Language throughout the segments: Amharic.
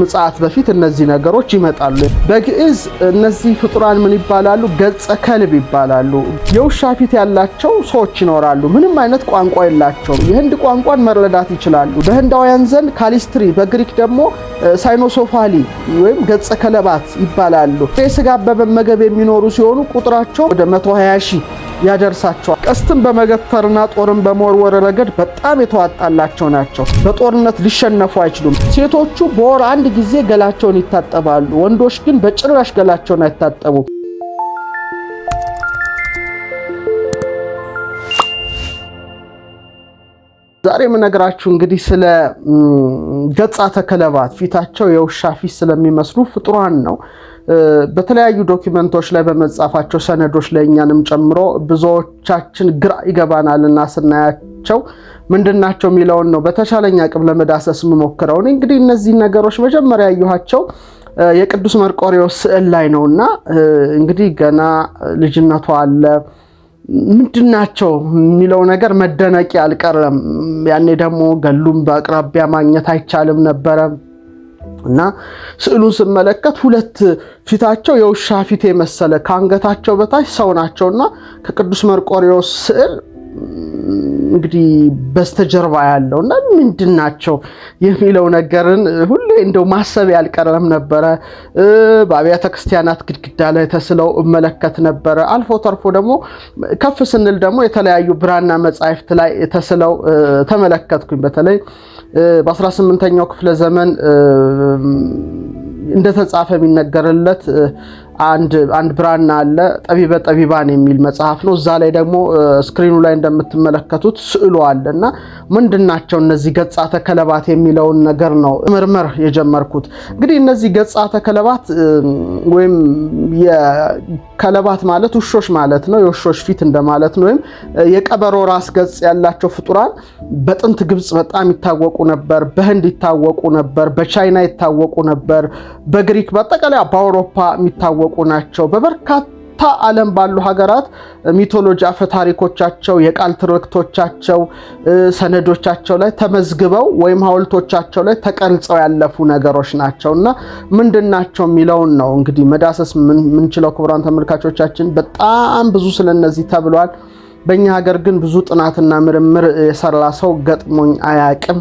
ምጽአት በፊት እነዚህ ነገሮች ይመጣሉ። በግዕዝ እነዚህ ፍጡራን ምን ይባላሉ? ገጸ ከልብ ይባላሉ። የውሻ ፊት ያላቸው ሰዎች ይኖራሉ። ምንም አይነት ቋንቋ የላቸውም። የህንድ ቋንቋን መረዳት ይችላሉ። በህንዳውያን ዘንድ ካሊስትሪ፣ በግሪክ ደግሞ ሳይኖሶፋሊ ወይም ገጸ ከለባት ይባላሉ። ስጋ በመመገብ የሚኖሩ ሲሆኑ ቁጥራቸው ወደ 120 ሺህ ያደርሳቸዋል። ቀስትን በመገተርና ጦርን በመወርወር ረገድ በጣም የተዋጣላቸው ናቸው። በጦርነት ሊሸነፉ አይችሉም። ሴቶቹ በወር አንዳንድ ጊዜ ገላቸውን ይታጠባሉ። ወንዶች ግን በጭራሽ ገላቸውን አይታጠቡም። ዛሬ የምነግራችሁ እንግዲህ ስለ ገጻተ ከለባት ፊታቸው የውሻ ፊት ስለሚመስሉ ፍጡራን ነው። በተለያዩ ዶኪመንቶች ላይ በመጻፋቸው ሰነዶች ላይ እኛንም ጨምሮ ብዙዎቻችን ግራ እና ስናያቸው ምንድናቸው የሚለውን ነው በተቻለኝ አቅም ለመዳሰስ የምሞክረው። እንግዲህ እነዚህ ነገሮች መጀመሪያ ያየኋቸው የቅዱስ መርቆሬዎስ ስዕል ላይ ነውና እንግዲህ ገና ልጅነቷ አለ ምንድናቸው የሚለው ነገር መደነቂ አልቀረም። ያኔ ደግሞ ገሉም በአቅራቢያ ማግኘት አይቻልም ነበረ። እና ስዕሉን ስመለከት ሁለት ፊታቸው የውሻ ፊት የመሰለ ከአንገታቸው በታች ሰው ናቸውና ከቅዱስ መርቆሪዎስ ስዕል እንግዲህ በስተጀርባ ያለው እና ምንድን ናቸው የሚለው ነገርን ሁሌ እንደው ማሰብ ያልቀረም ነበረ። በአብያተ ክርስቲያናት ግድግዳ ላይ ተስለው እመለከት ነበረ። አልፎ ተርፎ ደግሞ ከፍ ስንል ደግሞ የተለያዩ ብራና መጻሕፍት ላይ ተስለው ተመለከትኩኝ በተለይ በ18ኛው ክፍለ ዘመን እንደተጻፈ የሚነገርለት አንድ አንድ ብራና አለ ጠቢበ ጠቢባን የሚል መጽሐፍ ነው። እዛ ላይ ደግሞ ስክሪኑ ላይ እንደምትመለከቱት ስዕሉ አለ እና ምንድናቸው እነዚህ ገጻተ ከለባት የሚለውን ነገር ነው ምርምር የጀመርኩት። እንግዲህ እነዚህ ገጻተ ከለባት ወይም የከለባት ማለት ውሾች ማለት ነው፣ የውሾች ፊት እንደማለት ነው። ወይም የቀበሮ ራስ ገጽ ያላቸው ፍጡራን በጥንት ግብጽ በጣም ይታወቁ ነበር፣ በህንድ ይታወቁ ነበር፣ በቻይና ይታወቁ ነበር፣ በግሪክ በአጠቃላይ በአውሮፓ የሚታወቁ የታወቁ ናቸው። በበርካታ ዓለም ባሉ ሀገራት ሚቶሎጂ አፈ ታሪኮቻቸው፣ የቃል ትርክቶቻቸው፣ ሰነዶቻቸው ላይ ተመዝግበው ወይም ሀውልቶቻቸው ላይ ተቀርጸው ያለፉ ነገሮች ናቸው እና ምንድን ናቸው የሚለውን ነው እንግዲህ መዳሰስ የምንችለው ክቡራን ተመልካቾቻችን። በጣም ብዙ ስለነዚህ ተብሏል። በእኛ ሀገር ግን ብዙ ጥናትና ምርምር የሰራ ሰው ገጥሞኝ አያቅም።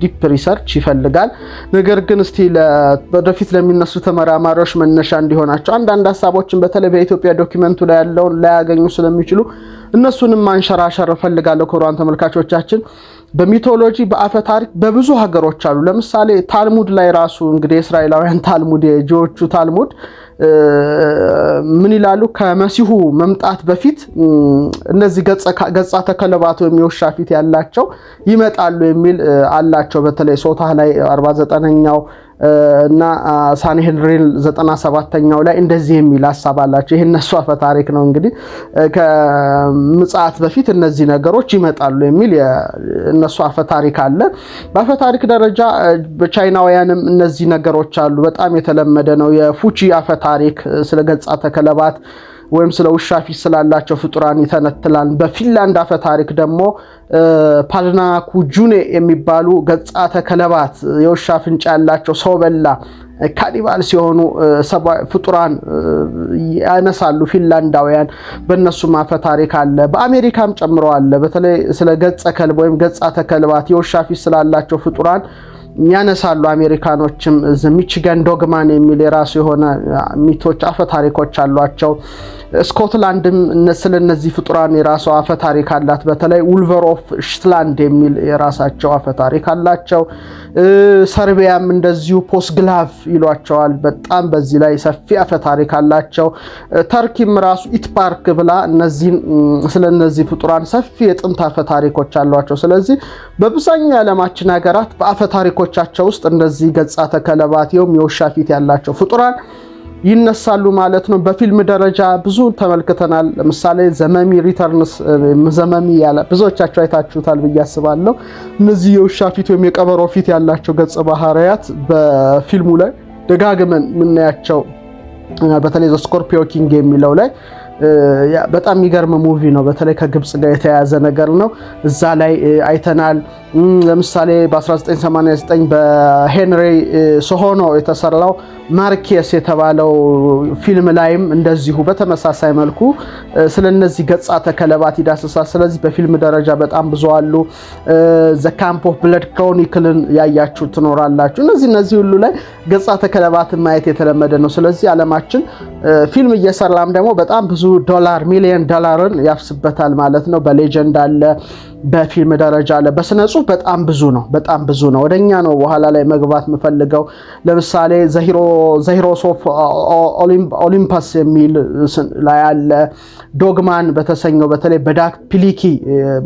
ዲፕ ሪሰርች ይፈልጋል። ነገር ግን እስቲ ወደፊት ለሚነሱ ተመራማሪዎች መነሻ እንዲሆናቸው አንዳንድ ሀሳቦችን በተለይ በኢትዮጵያ ዶኪመንቱ ላይ ያለውን ላያገኙ ስለሚችሉ እነሱንም ማንሸራሸር እፈልጋለሁ። ክቡራን ተመልካቾቻችን በሚቶሎጂ በአፈ ታሪክ በብዙ ሀገሮች አሉ። ለምሳሌ ታልሙድ ላይ ራሱ እንግዲህ የእስራኤላውያን ታልሙድ የጂዎቹ ታልሙድ ምን ይላሉ? ከመሲሁ መምጣት በፊት እነዚህ ገጻ ተከለባት ወይም የውሻ ፊት ያላቸው ይመጣሉ የሚል አላቸው። በተለይ ሶታ ላይ 49ኛው እና ሳንሄድሪን 97ኛው ላይ እንደዚህ የሚል ሀሳብ አላቸው። ይህ እነሱ አፈ ታሪክ ነው። እንግዲህ ከምጽአት በፊት እነዚህ ነገሮች ይመጣሉ የሚል እነሱ አፈ ታሪክ አለ። በአፈ ታሪክ ደረጃ በቻይናውያንም እነዚህ ነገሮች አሉ። በጣም የተለመደ ነው። የፉቺ አፈ ታሪክ ስለ ገጻተ ከለባት ወይም ስለ ውሻ ፊት ስላላቸው ፍጡራን ይተነትላል። በፊንላንድ አፈ ታሪክ ደግሞ ጁኔ የሚባሉ ገጻተ ከለባት የውሻ አፍንጫ ያላቸው ሰው በላ ካኒባልስ ሲሆኑ ፍጡራን ያነሳሉ ፊንላንዳውያን። በእነሱም አፈ ታሪክ አለ። በአሜሪካም ጨምሮ አለ። በተለይ ስለ ገጸ ከልብ ወይም ገጻተ ከልባት የውሻ ፊት ስላላቸው ፍጡራን ያነሳሉ አሜሪካኖችም። ሚችጋን ዶግማን የሚል የራሱ የሆነ ሚቶች አፈ ታሪኮች አሏቸው። ስኮትላንድም ስለ እነዚህ ፍጡራን የራሷ አፈ ታሪክ አላት። በተለይ ውልቨር ኦፍ ሽትላንድ የሚል የራሳቸው አፈ ታሪክ አላቸው። ሰርቢያም እንደዚሁ ፖስግላቭ ይሏቸዋል። በጣም በዚህ ላይ ሰፊ አፈ ታሪክ አላቸው። ተርኪም ራሱ ኢትፓርክ ብላ ስለ እነዚህ ፍጡራን ሰፊ የጥንት አፈ ታሪኮች አሏቸው። ስለዚህ በብዛኛው የዓለማችን ሀገራት በአፈ ታሪኮቻቸው ውስጥ እንደዚህ ገጻ ተከለባት የውም የውሻ ፊት ያላቸው ፍጡራን ይነሳሉ ማለት ነው። በፊልም ደረጃ ብዙ ተመልክተናል። ለምሳሌ ዘመሚ ሪተርንስ፣ ዘመሚ ያለ ብዙዎቻችሁ አይታችሁታል ብዬ አስባለሁ። እነዚህ የውሻ ፊት ወይም የቀበሮ ፊት ያላቸው ገጸ ባህሪያት በፊልሙ ላይ ደጋግመን የምናያቸው በተለይ ዘ ስኮርፒዮ ኪንግ የሚለው ላይ በጣም የሚገርም ሙቪ ነው። በተለይ ከግብጽ ጋር የተያያዘ ነገር ነው። እዛ ላይ አይተናል። ለምሳሌ በ1989 በሄንሪ ሶሆኖ የተሰራው ማርኬስ የተባለው ፊልም ላይም እንደዚሁ በተመሳሳይ መልኩ ስለ እነዚህ ገጻ ተከለባት ይዳስሳል። ስለዚህ በፊልም ደረጃ በጣም ብዙ አሉ። ዘ ካምፕ ኦፍ ብለድ ክሮኒክልን ያያችሁ ትኖራላችሁ። እነዚህ እነዚህ ሁሉ ላይ ገጻ ተከለባትን ማየት የተለመደ ነው። ስለዚህ አለማችን ፊልም እየሰራም ደግሞ በጣም ብዙ ዶላር ሚሊዮን ዶላርን ያፍስበታል ማለት ነው። በሌጀንድ አለ በፊልም ደረጃ አለ። በስነ ጽሁፍ በጣም ብዙ ነው፣ በጣም ብዙ ነው። ወደኛ ነው በኋላ ላይ መግባት የምፈልገው። ለምሳሌ ዘሂሮስ ኦፍ ኦሊምፐስ የሚል ላይ አለ። ዶግማን በተሰኘው በተለይ በዳክ ፒሊኪ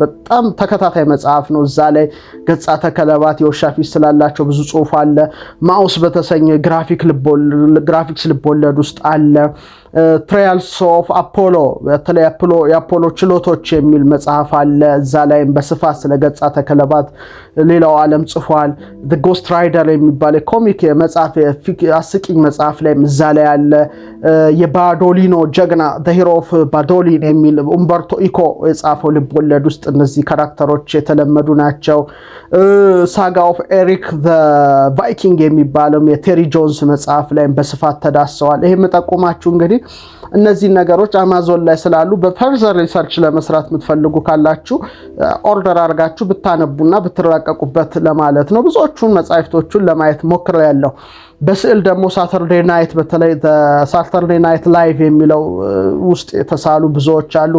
በጣም ተከታታይ መጽሐፍ ነው። እዛ ላይ ገጻ ተከለባት የውሻ ፊት ስላላቸው ብዙ ጽሁፍ አለ። ማውስ በተሰኘ ግራፊክስ ልቦለድ ውስጥ አለ። ትራያልስ ኦፍ አፖሎ በተለይ የአፖሎ ችሎቶች የሚል መጽሐፍ አለ እዛ ላይ ላይም በስፋት ስለ ገጻ ተከለባት ሌላው ዓለም ጽፏል። ጎስት ራይደር የሚባል ኮሚክ መጽሐፍ አስቂኝ መጽሐፍ ላይ እዛ ላይ ያለ የባዶሊኖ ጀግና ሂሮ ኦፍ ባዶሊን የሚል ኡምበርቶ ኢኮ የጻፈው ልብወለድ ውስጥ እነዚህ ካራክተሮች የተለመዱ ናቸው። ሳጋ ኦፍ ኤሪክ ቫይኪንግ የሚባለው የቴሪ ጆንስ መጽሐፍ ላይም በስፋት ተዳሰዋል። ይህ የምጠቁማችሁ እንግዲህ እነዚህ ነገሮች አማዞን ላይ ስላሉ በፈርዘር ሪሰርች ለመስራት የምትፈልጉ ካላችሁ ኦርደር አድርጋችሁ ብታነቡና ብትረቀቁበት ለማለት ነው። ብዙዎቹን መጻሕፍቶቹን ለማየት ያለው በስዕል ደግሞ ሳተርዴ ናይት በተለይ ሳተርዴ ናይት ላይቭ የሚለው ውስጥ የተሳሉ ብዙዎች አሉ።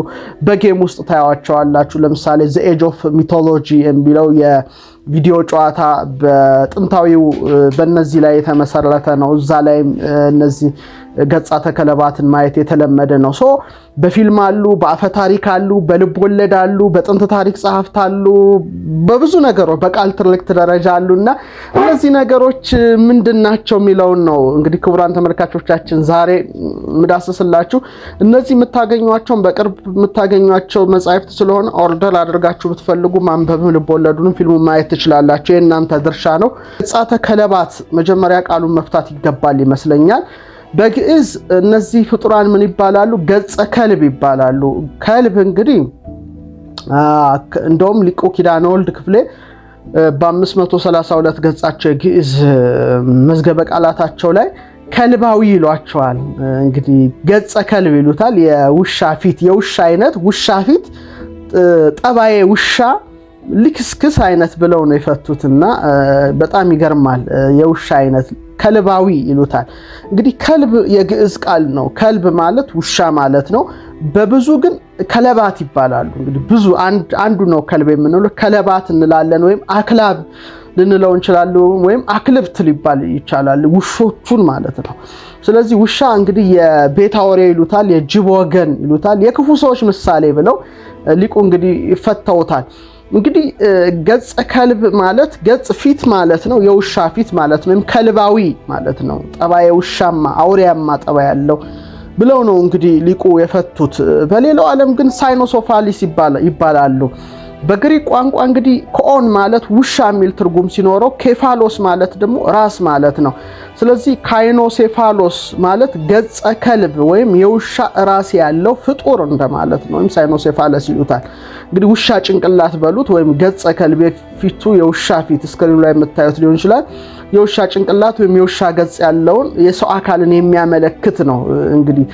በጌም ውስጥ ታያቸዋላችሁ። ለምሳሌ ዘ ኤጅ ኦፍ ሚቶሎጂ የሚለው የቪዲዮ ጨዋታ በጥንታዊው በነዚህ ላይ የተመሰረተ ነው። እዛ ላይም እነዚህ ገጻ ተከለባትን ማየት የተለመደ ነው። ሶ በፊልም አሉ፣ በአፈ ታሪክ አሉ፣ በልብ ወለድ አሉ፣ በጥንት ታሪክ ጸሐፍት አሉ፣ በብዙ ነገሮች በቃል ትርክት ደረጃ አሉ እና እነዚህ ነገሮች ምንድን ናቸው የሚለውን ነው እንግዲህ ክቡራን ተመልካቾቻችን ዛሬ ምዳስስላችሁ። እነዚህ የምታገኟቸውን በቅርብ የምታገኟቸው መጻሕፍት ስለሆነ ኦርደር አድርጋችሁ ብትፈልጉ ማንበብም ወለዱንም ፊልሙ ማየት ትችላላችሁ። የእናንተ ድርሻ ነው። ገጻ ተከለባት መጀመሪያ ቃሉን መፍታት ይገባል ይመስለኛል። በግዕዝ እነዚህ ፍጡራን ምን ይባላሉ? ገጸ ከልብ ይባላሉ። ከልብ እንግዲህ እንደውም ሊቁ ኪዳነ ወልድ ክፍሌ በ532 ገጻቸው የግዕዝ መዝገበ ቃላታቸው ላይ ከልባዊ ይሏቸዋል። እንግዲህ ገጸ ከልብ ይሉታል። የውሻ ፊት፣ የውሻ አይነት ውሻ ፊት፣ ጠባዬ ውሻ ልክስክስ አይነት ብለው ነው የፈቱትና በጣም ይገርማል። የውሻ አይነት ከልባዊ ይሉታል። እንግዲህ ከልብ የግዕዝ ቃል ነው። ከልብ ማለት ውሻ ማለት ነው። በብዙ ግን ከለባት ይባላሉ። እንግዲህ ብዙ አንዱ ነው ከልብ የምንለው ከለባት እንላለን፣ ወይም አክላብ ልንለው እንችላለን፣ ወይም አክልብት ሊባል ይቻላል፣ ውሾቹን ማለት ነው። ስለዚህ ውሻ እንግዲህ የቤት አውሬ ይሉታል፣ የጅብ ወገን ይሉታል፣ የክፉ ሰዎች ምሳሌ ብለው ሊቁ እንግዲህ ይፈተውታል። እንግዲህ ገጽ ከልብ ማለት ገጽ ፊት ማለት ነው። የውሻ ፊት ማለት ነው። ወይም ከልባዊ ማለት ነው። ጠባይ ውሻማ አውሬያማ ጠባይ ያለው ብለው ነው እንግዲህ ሊቁ የፈቱት። በሌላው ዓለም ግን ሳይኖሶፋሊስ ይባላሉ። በግሪክ ቋንቋ እንግዲህ ኮኦን ማለት ውሻ የሚል ትርጉም ሲኖረው ኬፋሎስ ማለት ደግሞ ራስ ማለት ነው። ስለዚህ ካይኖሴፋሎስ ማለት ገጸ ከልብ ወይም የውሻ ራስ ያለው ፍጡር እንደማለት ነው። ወይም ሳይኖሴፋለስ ይሉታል። እንግዲህ ውሻ ጭንቅላት በሉት ወይም ገጸ ከልብ የፊቱ የውሻ ፊት እስክሪኑ ላይ የምታዩት ሊሆን ይችላል። የውሻ ጭንቅላት ወይም የውሻ ገጽ ያለውን የሰው አካልን የሚያመለክት ነው። እንግዲህ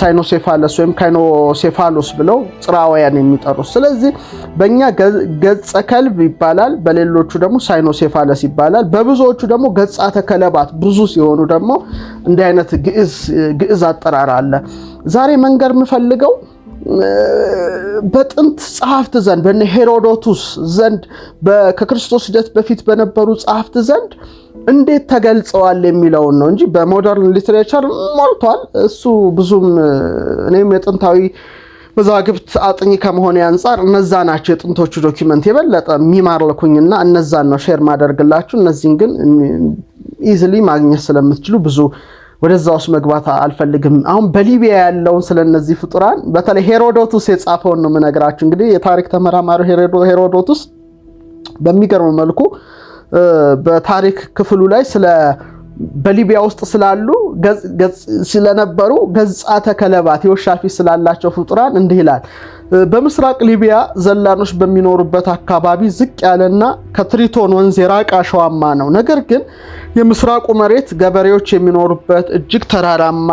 ሳይኖሴፋለስ ወይም ካይኖሴፋሎስ ብለው ጽራውያን የሚጠሩት። ስለዚህ በእኛ ገጸ ከልብ ይባላል፣ በሌሎቹ ደግሞ ሳይኖሴፋለስ ይባላል። በብዙዎቹ ደግሞ ገጻተ ከለባት ብዙ ሲሆኑ ደግሞ እንዲህ አይነት ግዕዝ አጠራር አለ። ዛሬ መንገር የምፈልገው በጥንት ጸሐፍት ዘንድ በነ ሄሮዶቱስ ዘንድ ከክርስቶስ ልደት በፊት በነበሩ ጸሐፍት ዘንድ እንዴት ተገልጸዋል የሚለውን ነው እንጂ በሞደርን ሊትሬቸር ሞልቷል። እሱ ብዙም እኔም የጥንታዊ መዛግብት አጥኚ ከመሆን አንጻር እነዛ ናቸው የጥንቶቹ ዶኪመንት የበለጠ የሚማርኩኝና እነዛን ነው ሼር ማደርግላችሁ። እነዚህን ግን ኢዝሊ ማግኘት ስለምትችሉ ብዙ ወደዛ ውስጥ መግባት አልፈልግም። አሁን በሊቢያ ያለውን ስለ እነዚህ ፍጡራን በተለይ ሄሮዶቱስ የጻፈውን ነው የምነግራችሁ። እንግዲህ የታሪክ ተመራማሪው ሄሮዶቱስ በሚገርም መልኩ በታሪክ ክፍሉ ላይ ስለ በሊቢያ ውስጥ ስላሉ ስለነበሩ ገጻተ ከለባት የውሻ ፊት ስላላቸው ፍጡራን እንዲህ ይላል። በምስራቅ ሊቢያ ዘላኖች በሚኖሩበት አካባቢ ዝቅ ያለና ከትሪቶን ወንዝ የራቀ አሸዋማ ነው። ነገር ግን የምስራቁ መሬት ገበሬዎች የሚኖሩበት እጅግ ተራራማ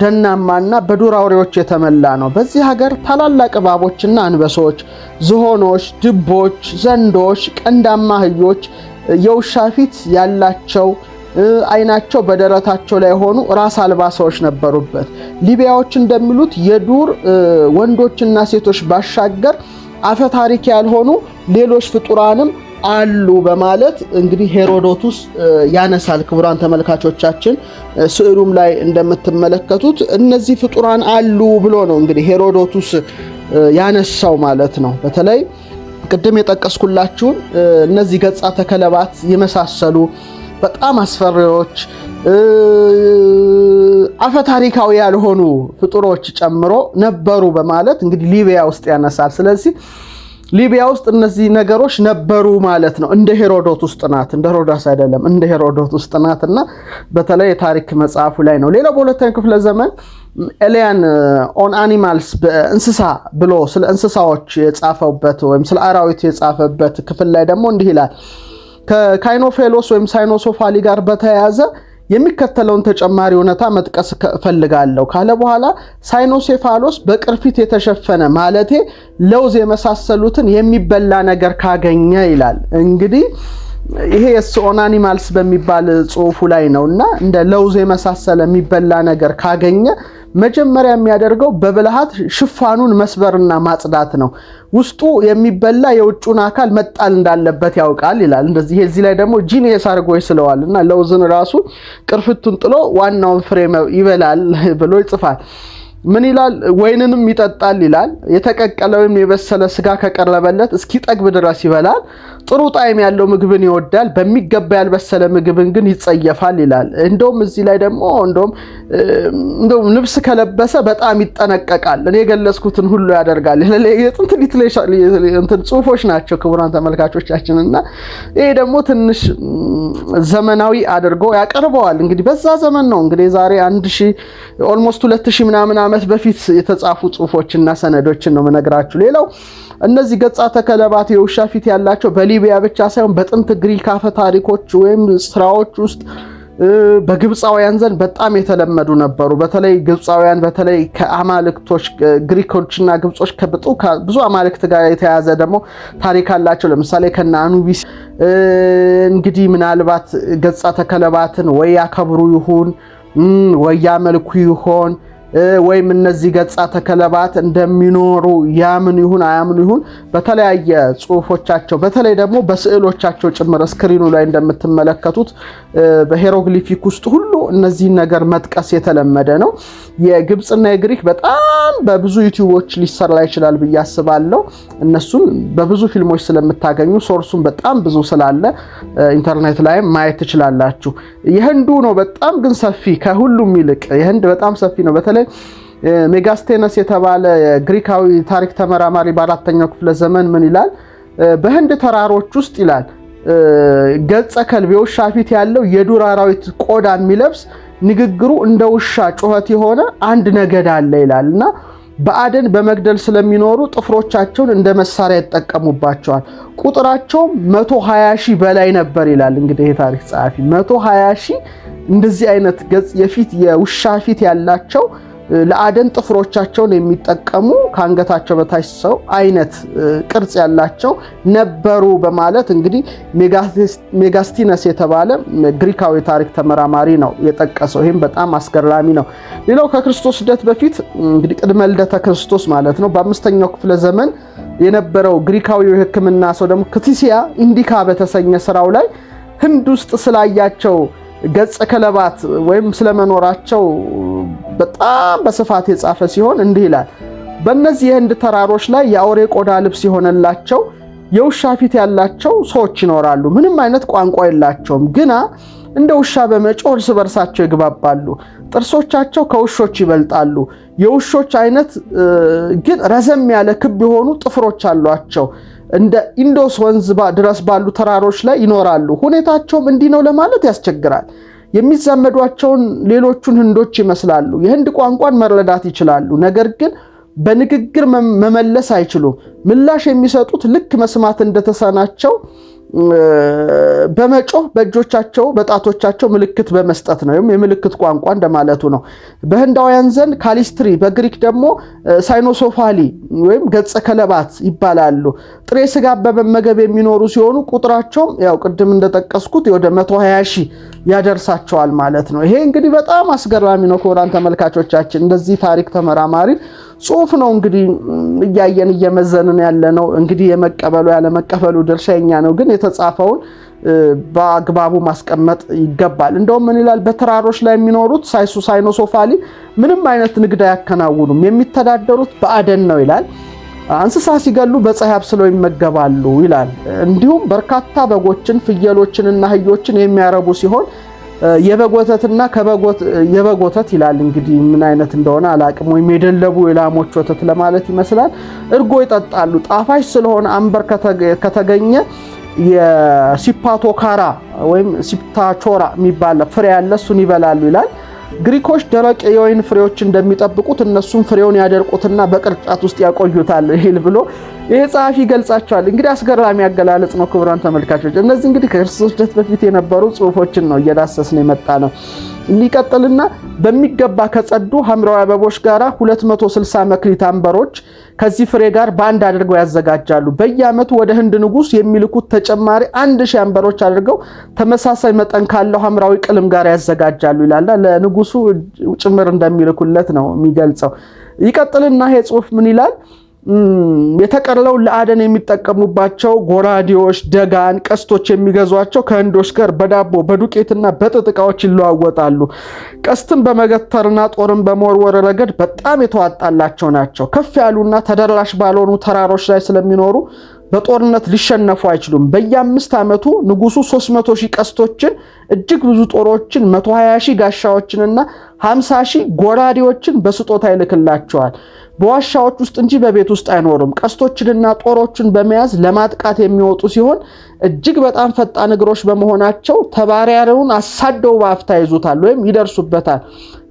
ደናማና በዱር አውሬዎች የተሞላ ነው። በዚህ ሀገር ታላላቅ እባቦችና አንበሶች፣ ዝሆኖች፣ ድቦች፣ ዘንዶች፣ ቀንዳማ አህዮች የውሻ ፊት ያላቸው አይናቸው በደረታቸው ላይ የሆኑ ራስ አልባ ሰዎች ነበሩበት። ሊቢያዎች እንደሚሉት የዱር ወንዶችና ሴቶች ባሻገር አፈ ታሪክ ያልሆኑ ሌሎች ፍጡራንም አሉ በማለት እንግዲህ ሄሮዶቱስ ያነሳል። ክቡራን ተመልካቾቻችን ስዕሉም ላይ እንደምትመለከቱት እነዚህ ፍጡራን አሉ ብሎ ነው እንግዲህ ሄሮዶቱስ ያነሳው ማለት ነው። በተለይ ቅድም የጠቀስኩላችሁን እነዚህ ገጻ ተከለባት የመሳሰሉ በጣም አስፈሪዎች አፈ ታሪካዊ ያልሆኑ ፍጡሮች ጨምሮ ነበሩ በማለት እንግዲህ ሊቢያ ውስጥ ያነሳል። ስለዚህ ሊቢያ ውስጥ እነዚህ ነገሮች ነበሩ ማለት ነው። እንደ ሄሮዶትስ ጥናት እንደ ሮዳስ አይደለም፣ እንደ ሄሮዶትስ ጥናት እና በተለይ የታሪክ መጽሐፉ ላይ ነው። ሌላው በሁለተኛ ክፍለ ዘመን ኤሊያን ኦን አኒማልስ እንስሳ ብሎ ስለ እንስሳዎች የጻፈበት ወይም ስለ አራዊት የጻፈበት ክፍል ላይ ደግሞ እንዲህ ይላል ከካይኖፌሎስ ወይም ሳይኖሶፋሊ ጋር በተያያዘ የሚከተለውን ተጨማሪ እውነታ መጥቀስ እፈልጋለሁ ካለ በኋላ ሳይኖሴፋሎስ በቅርፊት የተሸፈነ ማለቴ ለውዝ የመሳሰሉትን የሚበላ ነገር ካገኘ ይላል እንግዲህ ይሄ የሱ ኦን አኒማልስ በሚባል ጽሁፉ ላይ ነው እና እንደ ለውዝ የመሳሰለ የሚበላ ነገር ካገኘ መጀመሪያ የሚያደርገው በብልሃት ሽፋኑን መስበርና ማጽዳት ነው። ውስጡ የሚበላ የውጩን አካል መጣል እንዳለበት ያውቃል ይላል። እንደዚህ እዚህ ላይ ደግሞ ጂኒየስ አድርጎ ይስለዋል እና ለውዝን ራሱ ቅርፍቱን ጥሎ ዋናውን ፍሬ ይበላል ብሎ ይጽፋል። ምን ይላል? ወይንንም ይጠጣል ይላል። የተቀቀለ ወይም የበሰለ ስጋ ከቀረበለት እስኪጠግብ ድረስ ይበላል። ጥሩ ጣዕም ያለው ምግብን ይወዳል፣ በሚገባ ያልበሰለ ምግብን ግን ይጸየፋል ይላል። እንደውም እዚህ ላይ ደግሞ እንደውም ልብስ ከለበሰ በጣም ይጠነቀቃል፣ እኔ የገለጽኩትን ሁሉ ያደርጋል። የጥንት ጽሁፎች ናቸው ክቡራን ተመልካቾቻችን። እና ይሄ ደግሞ ትንሽ ዘመናዊ አድርጎ ያቀርበዋል። እንግዲህ በዛ ዘመን ነው እንግዲህ ዛሬ አንድ ሺ ኦልሞስት ሁለት ሺ ምናምን ዓመት በፊት የተጻፉ ጽሁፎችና ሰነዶችን ነው የምነግራችሁ። ሌላው እነዚህ ገጻ ተከለባት የውሻ ፊት ያላቸው በሊቢያ ብቻ ሳይሆን በጥንት ግሪክ አፈ ታሪኮች ወይም ስራዎች ውስጥ በግብፃውያን ዘንድ በጣም የተለመዱ ነበሩ። በተለይ ግብፃውያን በተለይ ከአማልክቶች ግሪኮችና ግብጾች ብዙ አማልክት ጋር የተያያዘ ደግሞ ታሪክ አላቸው። ለምሳሌ ከነ አኑቢስ እንግዲህ ምናልባት ገጸ ተከለባትን ወይ ያከብሩ ይሁን ወይ ያመልኩ ይሆን ወይም እነዚህ ገጻ ተከለባት እንደሚኖሩ ያምን ይሁን አያምኑ ይሁን በተለያየ ጽሁፎቻቸው በተለይ ደግሞ በስዕሎቻቸው ጭምር ስክሪኑ ላይ እንደምትመለከቱት በሄሮግሊፊክ ውስጥ ሁሉ እነዚህን ነገር መጥቀስ የተለመደ ነው። የግብፅና የግሪክ በጣም በብዙ ዩቲዩቦች ሊሰራ ይችላል ብዬ አስባለሁ። እነሱን በብዙ ፊልሞች ስለምታገኙ ሶርሱን በጣም ብዙ ስላለ ኢንተርኔት ላይ ማየት ትችላላችሁ። የህንዱ ነው በጣም ግን ሰፊ ከሁሉም ይልቅ የህንድ በጣም ሰፊ ነው በተለይ ላይ ሜጋስቴነስ የተባለ ግሪካዊ ታሪክ ተመራማሪ በአራተኛው ክፍለ ዘመን ምን ይላል? በህንድ ተራሮች ውስጥ ይላል ገጸ ከልብ የውሻ ፊት ያለው የዱር አራዊት ቆዳ የሚለብስ ንግግሩ እንደ ውሻ ጩኸት የሆነ አንድ ነገድ አለ ይላል እና በአደን በመግደል ስለሚኖሩ ጥፍሮቻቸውን እንደ መሳሪያ ይጠቀሙባቸዋል። ቁጥራቸውም መቶ ሀያ ሺህ በላይ ነበር ይላል። እንግዲህ የታሪክ ጸሐፊ መቶ ሀያ ሺህ እንደዚህ አይነት ገጽ የፊት የውሻ ፊት ያላቸው ለአደን ጥፍሮቻቸውን የሚጠቀሙ ከአንገታቸው በታች ሰው አይነት ቅርጽ ያላቸው ነበሩ በማለት እንግዲህ ሜጋስቲነስ የተባለ ግሪካዊ ታሪክ ተመራማሪ ነው የጠቀሰው። ይህም በጣም አስገራሚ ነው። ሌላው ከክርስቶስ ልደት በፊት እንግዲህ ቅድመ ልደተ ክርስቶስ ማለት ነው በአምስተኛው ክፍለ ዘመን የነበረው ግሪካዊ የሕክምና ሰው ደግሞ ክቲሲያ ኢንዲካ በተሰኘ ስራው ላይ ህንድ ውስጥ ስላያቸው ገጸ ከለባት ወይም ስለመኖራቸው በጣም በስፋት የጻፈ ሲሆን እንዲህ ይላል። በእነዚህ የህንድ ተራሮች ላይ የአውሬ ቆዳ ልብስ የሆነላቸው የውሻ ፊት ያላቸው ሰዎች ይኖራሉ። ምንም አይነት ቋንቋ የላቸውም፣ ግና እንደ ውሻ በመጮህ እርስ በርሳቸው ይግባባሉ። ጥርሶቻቸው ከውሾች ይበልጣሉ። የውሾች አይነት ግን ረዘም ያለ ክብ የሆኑ ጥፍሮች አሏቸው። እንደ ኢንዶስ ወንዝ ድረስ ባሉ ተራሮች ላይ ይኖራሉ። ሁኔታቸውም እንዲህ ነው ለማለት ያስቸግራል። የሚዛመዷቸውን ሌሎቹን ህንዶች ይመስላሉ። የህንድ ቋንቋን መረዳት ይችላሉ፣ ነገር ግን በንግግር መመለስ አይችሉም። ምላሽ የሚሰጡት ልክ መስማት እንደተሳናቸው በመጮህ በእጆቻቸው በጣቶቻቸው ምልክት በመስጠት ነው። ወይም የምልክት ቋንቋ እንደማለቱ ነው። በህንዳውያን ዘንድ ካሊስትሪ፣ በግሪክ ደግሞ ሳይኖሶፋሊ ወይም ገጸ ከለባት ይባላሉ። ጥሬ ስጋ በመመገብ የሚኖሩ ሲሆኑ ቁጥራቸውም ያው ቅድም እንደጠቀስኩት ወደ 120 ሺህ ያደርሳቸዋል ማለት ነው። ይሄ እንግዲህ በጣም አስገራሚ ነው። ክቡራን ተመልካቾቻችን እንደዚህ ታሪክ ተመራማሪ ጽሁፍ ነው እንግዲህ እያየን እየመዘንን ያለ ነው። እንግዲህ የመቀበሉ ያለመቀበሉ ድርሻ የኛ ነው፣ ግን የተጻፈውን በአግባቡ ማስቀመጥ ይገባል። እንደውም ምን ይላል? በተራሮች ላይ የሚኖሩት ሳይሱ ሳይኖሶፋሊ ምንም አይነት ንግድ አያከናውኑም፣ የሚተዳደሩት በአደን ነው ይላል። እንስሳ ሲገሉ በፀሐይ አብስለው ይመገባሉ ይላል። እንዲሁም በርካታ በጎችን፣ ፍየሎችንና አህዮችን የሚያረቡ ሲሆን የበግ ወተትና የበግ ወተት ይላል እንግዲህ ምን አይነት እንደሆነ አላቅም። ወይም የደለቡ የላሞች ወተት ለማለት ይመስላል። እርጎ ይጠጣሉ። ጣፋጭ ስለሆነ አንበር ከተገኘ የሲፓቶካራ ወይም ሲፕታቾራ የሚባል ፍሬ ያለ እሱን ይበላሉ ይላል። ግሪኮች ደረቅ የወይን ፍሬዎች እንደሚጠብቁት እነሱም ፍሬውን ያደርቁትና በቅርጫት ውስጥ ያቆዩታል ይል ብሎ ይህ ጸሐፊ ይገልጻቸዋል። እንግዲህ አስገራሚ አገላለጽ ነው ክቡራን ተመልካቾች። እነዚህ እንግዲህ ከክርስቶስ ልደት በፊት የነበሩ ጽሁፎችን ነው እየዳሰስን የመጣ ነው። የሚቀጥልና በሚገባ ከጸዱ ሐምራዊ አበቦች ጋር 260 መክሊት አንበሮች ከዚህ ፍሬ ጋር በአንድ አድርገው ያዘጋጃሉ። በየዓመቱ ወደ ህንድ ንጉስ የሚልኩት ተጨማሪ 1000 አንበሮች አድርገው ተመሳሳይ መጠን ካለው ሐምራዊ ቅልም ጋር ያዘጋጃሉ ይላል። ለንጉሱ ጭምር እንደሚልኩለት ነው የሚገልጸው። ይቀጥልና ይሄ ጽሁፍ ምን ይላል? የተቀለው ለአደን የሚጠቀሙባቸው ጎራዴዎች፣ ደጋን፣ ቀስቶች የሚገዟቸው ከህንዶች ጋር በዳቦ በዱቄትና በጥጥ እቃዎች ይለዋወጣሉ። ቀስትን በመገተርና ጦርን በመወርወር ረገድ በጣም የተዋጣላቸው ናቸው። ከፍ ያሉና ተደራሽ ባልሆኑ ተራሮች ላይ ስለሚኖሩ በጦርነት ሊሸነፉ አይችሉም። በየአምስት ዓመቱ ንጉሱ 300 ሺህ ቀስቶችን፣ እጅግ ብዙ ጦሮችን፣ 120 ሺህ ጋሻዎችንና 50 ሺህ ጎራዴዎችን በስጦታ ይልክላቸዋል። በዋሻዎች ውስጥ እንጂ በቤት ውስጥ አይኖርም። ቀስቶችንና ጦሮችን በመያዝ ለማጥቃት የሚወጡ ሲሆን እጅግ በጣም ፈጣን እግሮች በመሆናቸው ተባራሪውን አሳደው በአፍታ ይዙታል ወይም ይደርሱበታል።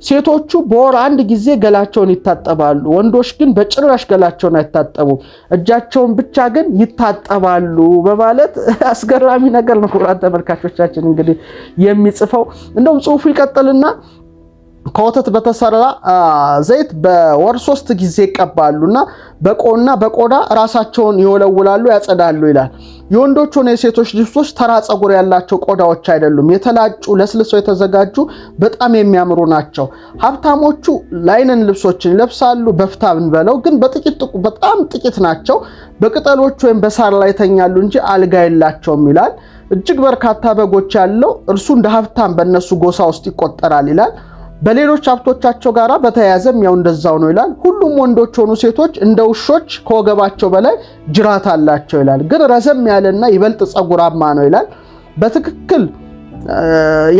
ሴቶቹ በወር አንድ ጊዜ ገላቸውን ይታጠባሉ። ወንዶች ግን በጭራሽ ገላቸውን አይታጠቡም። እጃቸውን ብቻ ግን ይታጠባሉ በማለት አስገራሚ ነገር ነው። ተመልካቾቻችን እንግዲህ የሚጽፈው እንደውም ጽሑፉ ይቀጥልና ከወተት በተሰራ ዘይት በወር ሶስት ጊዜ ይቀባሉና በቆና በቆዳ ራሳቸውን ይወለውላሉ፣ ያጸዳሉ ይላል። የወንዶች ሆነ የሴቶች ልብሶች ተራ ጸጉር ያላቸው ቆዳዎች አይደሉም። የተላጩ ለስልሰው የተዘጋጁ በጣም የሚያምሩ ናቸው። ሀብታሞቹ ላይነን ልብሶችን ይለብሳሉ። በፍታ ብንበለው ግን በጥቂት በጣም ጥቂት ናቸው። በቅጠሎች ወይም በሳር ላይ ይተኛሉ እንጂ አልጋ የላቸውም ይላል። እጅግ በርካታ በጎች ያለው እርሱ እንደ ሀብታም በእነሱ ጎሳ ውስጥ ይቆጠራል ይላል። በሌሎች ሀብቶቻቸው ጋር በተያያዘም ያው እንደዛው ነው ይላል። ሁሉም ወንዶች ሆኑ ሴቶች እንደ ውሾች ከወገባቸው በላይ ጅራት አላቸው ይላል። ግን ረዘም ያለና ይበልጥ ጸጉራማ ነው ይላል። በትክክል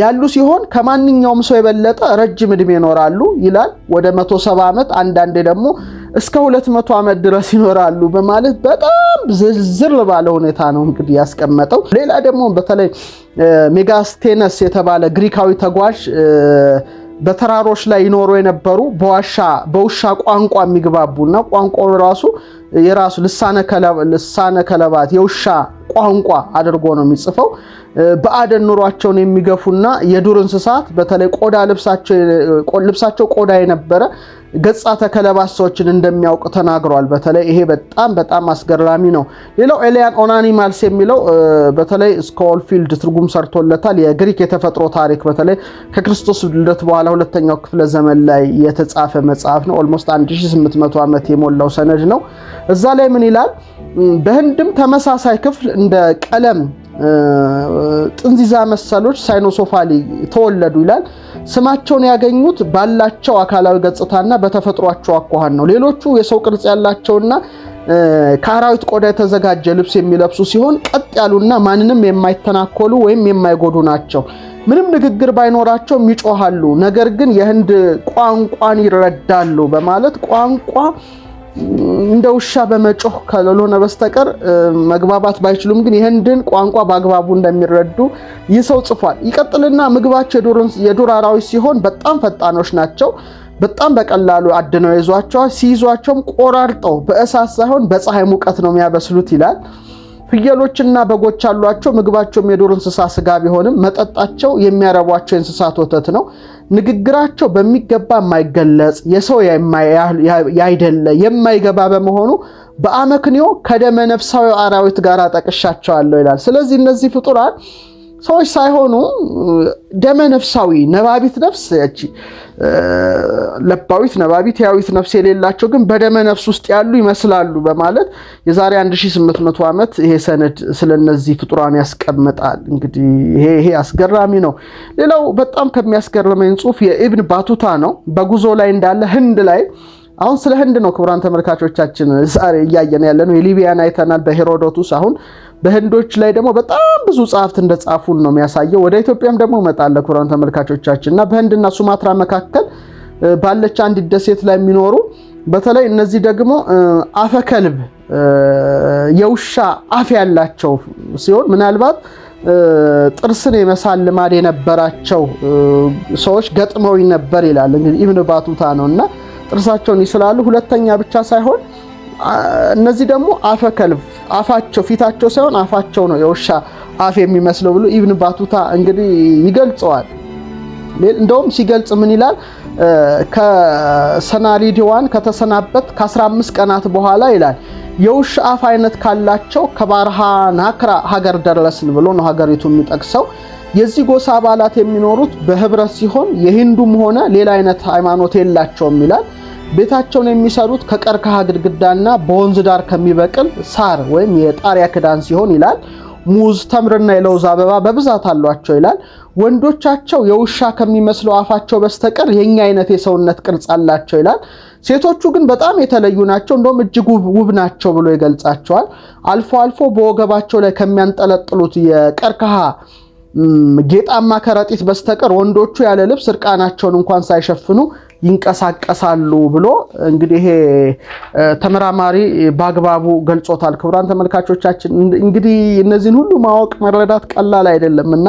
ያሉ ሲሆን ከማንኛውም ሰው የበለጠ ረጅም እድሜ ይኖራሉ ይላል። ወደ 170 ዓመት አንዳንዴ ደግሞ እስከ 200 ዓመት ድረስ ይኖራሉ በማለት በጣም ዝርዝር ባለ ሁኔታ ነው እንግዲህ ያስቀመጠው። ሌላ ደግሞ በተለይ ሜጋስቴነስ የተባለ ግሪካዊ ተጓዥ በተራሮች ላይ ይኖሩ የነበሩ በዋሻ በውሻ ቋንቋ የሚግባቡና ቋንቋው ራሱ የራሱ ልሳነ ከለባት የውሻ ቋንቋ አድርጎ ነው የሚጽፈው። በአደን ኑሯቸውን የሚገፉና የዱር እንስሳት በተለይ ቆዳ ልብሳቸው ቆዳ የነበረ ገጻ ተከለባሶችን እንደሚያውቅ ተናግሯል። በተለይ ይሄ በጣም በጣም አስገራሚ ነው። ሌላው ኤሊያን ኦናኒማልስ የሚለው በተለይ ስኮልፊልድ ትርጉም ሰርቶለታል። የግሪክ የተፈጥሮ ታሪክ በተለይ ከክርስቶስ ልደት በኋላ ሁለተኛው ክፍለ ዘመን ላይ የተጻፈ መጽሐፍ ነው። ኦልሞስት 1800 ዓመት የሞላው ሰነድ ነው። እዛ ላይ ምን ይላል? በህንድም ተመሳሳይ ክፍል እንደ ቀለም ጥንዚዛ መሰሎች ሳይኖሶፋሊ ተወለዱ ይላል። ስማቸውን ያገኙት ባላቸው አካላዊ ገጽታና በተፈጥሯቸው አኳኋን ነው። ሌሎቹ የሰው ቅርጽ ያላቸውና ከአራዊት ቆዳ የተዘጋጀ ልብስ የሚለብሱ ሲሆን ቀጥ ያሉና ማንንም የማይተናኮሉ ወይም የማይጎዱ ናቸው። ምንም ንግግር ባይኖራቸውም ይጮሃሉ፣ ነገር ግን የህንድ ቋንቋን ይረዳሉ በማለት ቋንቋ እንደ ውሻ በመጮህ ካልሆነ በስተቀር መግባባት ባይችሉም፣ ግን የህንድን ቋንቋ በአግባቡ እንደሚረዱ ይህ ሰው ጽፏል። ይቀጥልና ምግባቸው የዱር አራዊት ሲሆን በጣም ፈጣኖች ናቸው። በጣም በቀላሉ አድነው ይዟቸዋል። ሲይዟቸውም ቆራርጠው በእሳት ሳይሆን በፀሐይ ሙቀት ነው የሚያበስሉት ይላል። ፍየሎችና በጎች አሏቸው። ምግባቸውም የዱር እንስሳ ስጋ ቢሆንም መጠጣቸው የሚያረቧቸው የእንስሳት ወተት ነው። ንግግራቸው በሚገባ የማይገለጽ የሰው ያይደለ የማይገባ በመሆኑ በአመክንዮ ከደመ ነፍሳዊ አራዊት ጋር ጠቅሻቸዋለሁ ይላል። ስለዚህ እነዚህ ፍጡራን ሰዎች ሳይሆኑ ደመ ነፍሳዊ ነባቢት ነፍስ ያቺ ለባዊት ነባቢት ያዊት ነፍስ የሌላቸው ግን በደመ ነፍስ ውስጥ ያሉ ይመስላሉ በማለት የዛሬ 1800 ዓመት ይሄ ሰነድ ስለነዚህ ፍጡራን ያስቀምጣል። እንግዲህ ይሄ አስገራሚ ነው። ሌላው በጣም ከሚያስገርመኝ ጽሁፍ የኢብን ባቱታ ነው። በጉዞ ላይ እንዳለ ህንድ ላይ አሁን ስለ ህንድ ነው ክቡራን ተመልካቾቻችን ዛሬ እያየን ያለ ነው። የሊቢያን አይተናል በሄሮዶቱስ አሁን በህንዶች ላይ ደግሞ በጣም ብዙ ጸሐፍት እንደጻፉን ነው የሚያሳየው። ወደ ኢትዮጵያም ደግሞ እመጣለሁ ክቡራን ተመልካቾቻችን እና በህንድና ሱማትራ መካከል ባለች አንድ ደሴት ላይ የሚኖሩ በተለይ እነዚህ ደግሞ አፈከልብ የውሻ አፍ ያላቸው ሲሆን ምናልባት ጥርስን የመሳል ልማድ የነበራቸው ሰዎች ገጥመው ነበር ይላል። እንግዲህ ኢብን ባቱታ ነው እና ጥርሳቸውን ይስላሉ። ሁለተኛ ብቻ ሳይሆን እነዚህ ደግሞ አፈ ከልብ አፋቸው ፊታቸው ሳይሆን አፋቸው ነው የውሻ አፍ የሚመስለው ብሎ ኢብን ባቱታ እንግዲህ ይገልጸዋል። እንደውም ሲገልጽ ምን ይላል? ከሰናሪዲዋን ከተሰናበት ከ15 ቀናት በኋላ ይላል የውሻ አፍ አይነት ካላቸው ከባርሃ ናክራ ሀገር ደረስን ብሎ ነው ሀገሪቱ የሚጠቅሰው። የዚህ ጎሳ አባላት የሚኖሩት በህብረት ሲሆን የሂንዱም ሆነ ሌላ አይነት ሃይማኖት የላቸውም ይላል። ቤታቸውን የሚሰሩት ከቀርከሃ ግድግዳና በወንዝ ዳር ከሚበቅል ሳር ወይም የጣሪያ ክዳን ሲሆን ይላል። ሙዝ፣ ተምርና የለውዝ አበባ በብዛት አሏቸው ይላል። ወንዶቻቸው የውሻ ከሚመስለው አፋቸው በስተቀር የኛ አይነት የሰውነት ቅርጽ አላቸው ይላል። ሴቶቹ ግን በጣም የተለዩ ናቸው፣ እንደውም እጅግ ውብ ናቸው ብሎ ይገልጻቸዋል። አልፎ አልፎ በወገባቸው ላይ ከሚያንጠለጥሉት የቀርከሃ ጌጣማ ከረጢት በስተቀር ወንዶቹ ያለ ልብስ እርቃናቸውን እንኳን ሳይሸፍኑ ይንቀሳቀሳሉ ብሎ እንግዲህ ይሄ ተመራማሪ በአግባቡ ገልጾታል። ክቡራን ተመልካቾቻችን እንግዲህ እነዚህን ሁሉ ማወቅ መረዳት ቀላል አይደለም እና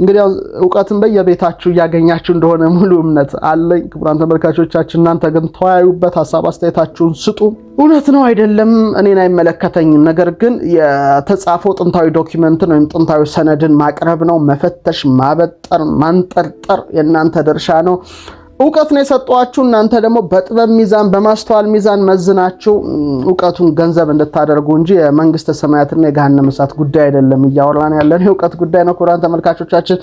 እንግዲህ እውቀትን በየቤታችሁ እያገኛችሁ እንደሆነ ሙሉ እምነት አለኝ። ክቡራን ተመልካቾቻችን እናንተ ግን ተወያዩበት፣ ሀሳብ አስተያየታችሁን ስጡ። እውነት ነው አይደለም እኔን አይመለከተኝም። ነገር ግን የተጻፈው ጥንታዊ ዶኪመንትን ወይም ጥንታዊ ሰነድን ማቅረብ ነው። መፈተሽ፣ ማበጠር፣ ማንጠርጠር የእናንተ ድርሻ ነው። እውቀት ነው የሰጠዋችሁ። እናንተ ደግሞ በጥበብ ሚዛን በማስተዋል ሚዛን መዝናችሁ እውቀቱን ገንዘብ እንድታደርጉ እንጂ የመንግስተ ሰማያትና የገሃነመ እሳት ጉዳይ አይደለም እያወራን ያለን የእውቀት ጉዳይ ነው። ክቡራን ተመልካቾቻችን